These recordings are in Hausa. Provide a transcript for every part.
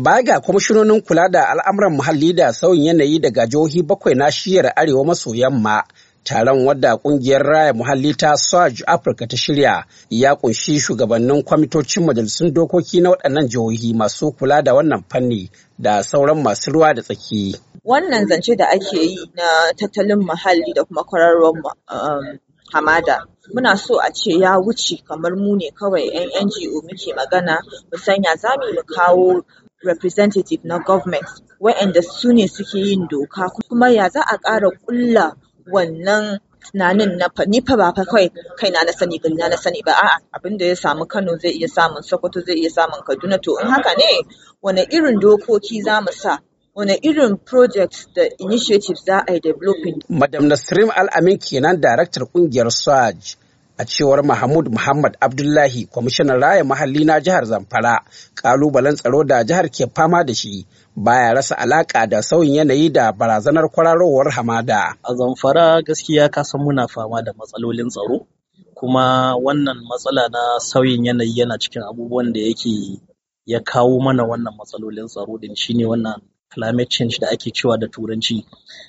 Baya ga kwamishinonin kula da al'amuran muhalli da sauyin yanayi daga jihohi bakwai na shiyar arewa maso yamma, taron wadda kungiyar raya muhalli ta Swage Africa ta shirya ya kunshi shugabannin kwamitocin majalisun dokoki na waɗannan jihohi masu kula da wannan fanni da sauran masu ruwa da tsaki. Wannan zance da ake yi na tattalin muhalli da kuma kwararwar um, hamada muna so a ce ya wuce kamar mu ne kawai 'yan NGO muke magana musanya sanya za mu kawo representative na government wa'anda su ne suke yin doka kuma ya za a ƙara ƙulla wannan tunanin na fanifa ba fa kai kai na sani gari na sani ba a'a abin da ya samu Kano zai iya samun Sokoto zai iya samun Kaduna to in haka ne wane irin dokoki za mu sa wane irin projects da initiatives za a yi developing madam Nasrim Al-Amin kenan daraktar kungiyar SAJ A cewar Mahmud Muhammad Abdullahi, kwamishinan raya mahalli na jihar Zamfara, kalubalen tsaro da jihar ke fama da shi baya rasa alaka da sauyin yanayi da barazanar kwararowar hamada. A Zamfara gaskiya ka san muna fama da matsalolin tsaro, kuma wannan matsala na sauyin yanayi yana cikin abubuwan da yake ya kawo mana wannan matsalolin tsaro din shine wannan climate change da ake cewa da turanci.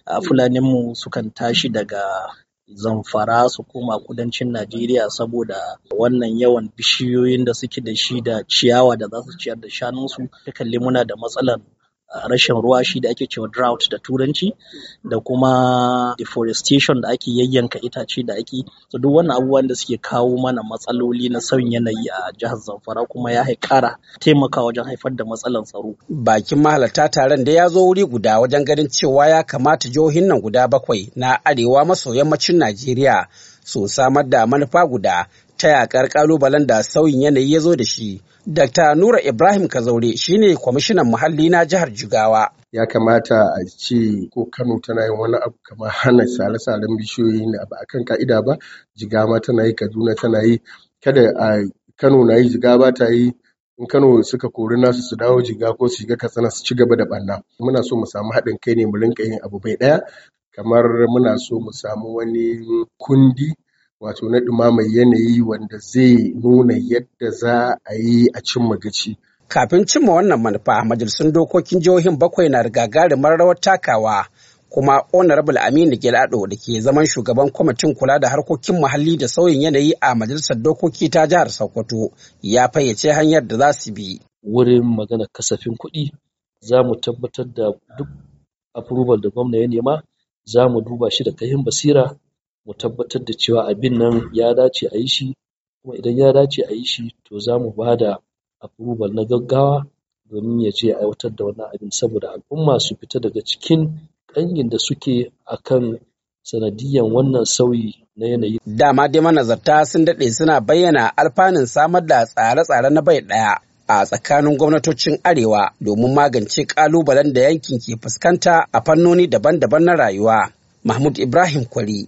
A Fulaninmu sukan tashi daga zamfara su koma kudancin najeriya saboda wannan yawan bishiyoyin da suke da shi da ciyawa da za su ciyar da shanunsu ta kalli muna da matsalar rashin ruwa shi da ake cewa drought da turanci da kuma deforestation da ake yayyanka itace da ake to duk wannan abubuwan da suke kawo mana matsaloli na sauyin yanayi a jihar Zamfara kuma ya kara taimaka wajen haifar da matsalan tsaro bakin mahalarta taron da ya zo wuri guda wajen ganin cewa ya kamata jihohin nan guda bakwai na arewa maso yammacin Najeriya su samar da manufa guda ta yakar kalubalen da sauyin yanayi ya zo da shi. Dr. Nura Ibrahim Kazaure ne kwamishinan muhalli na jihar Jigawa. Ya kamata a ce ko Kano tana yin wani abu kamar hana sale-salen bishiyoyi na ba a kan ka'ida ba, Jigawa tana yi, Kaduna tana yi, kada a Kano na yi, Jigawa ta yi, in Kano suka kori nasu su dawo Jiga ko su shiga Katsina su ci gaba da ɓanna. Muna so mu samu haɗin kai ne mu rinka yin abu bai ɗaya, kamar muna so mu samu wani kundi wato na ɗumamar yanayi wanda zai nuna yadda za a yi a cimma gaci. Kafin cimma wannan manufa, majalisun dokokin jihohin bakwai na da gagarumar rawar takawa kuma honorable aminu Gelado da ke zaman shugaban kwamitin kula da harkokin muhalli da sauyin yanayi a majalisar dokoki ta jihar sokoto ya fayyace hanyar da za su bi wurin magana kasafin kuɗi za mu tabbatar da duk approval da gwamna ya nema za mu duba shi da kayan basira mu tabbatar da cewa abin nan ya dace a yi shi kuma idan ya dace a yi shi to za mu ba da approval na gaggawa domin ya je aiwatar da wannan abin saboda al'umma su fita daga cikin ƙangin da suke a kan sanadiyyan wannan sauyi na yanayi. Dama dai manazarta sun daɗe suna bayyana alfanun samar da tsare-tsare na bai ɗaya a tsakanin gwamnatocin Arewa domin magance ƙalubalen da yankin ke fuskanta a fannoni daban-daban na rayuwa. Mahmud Ibrahim Kwari,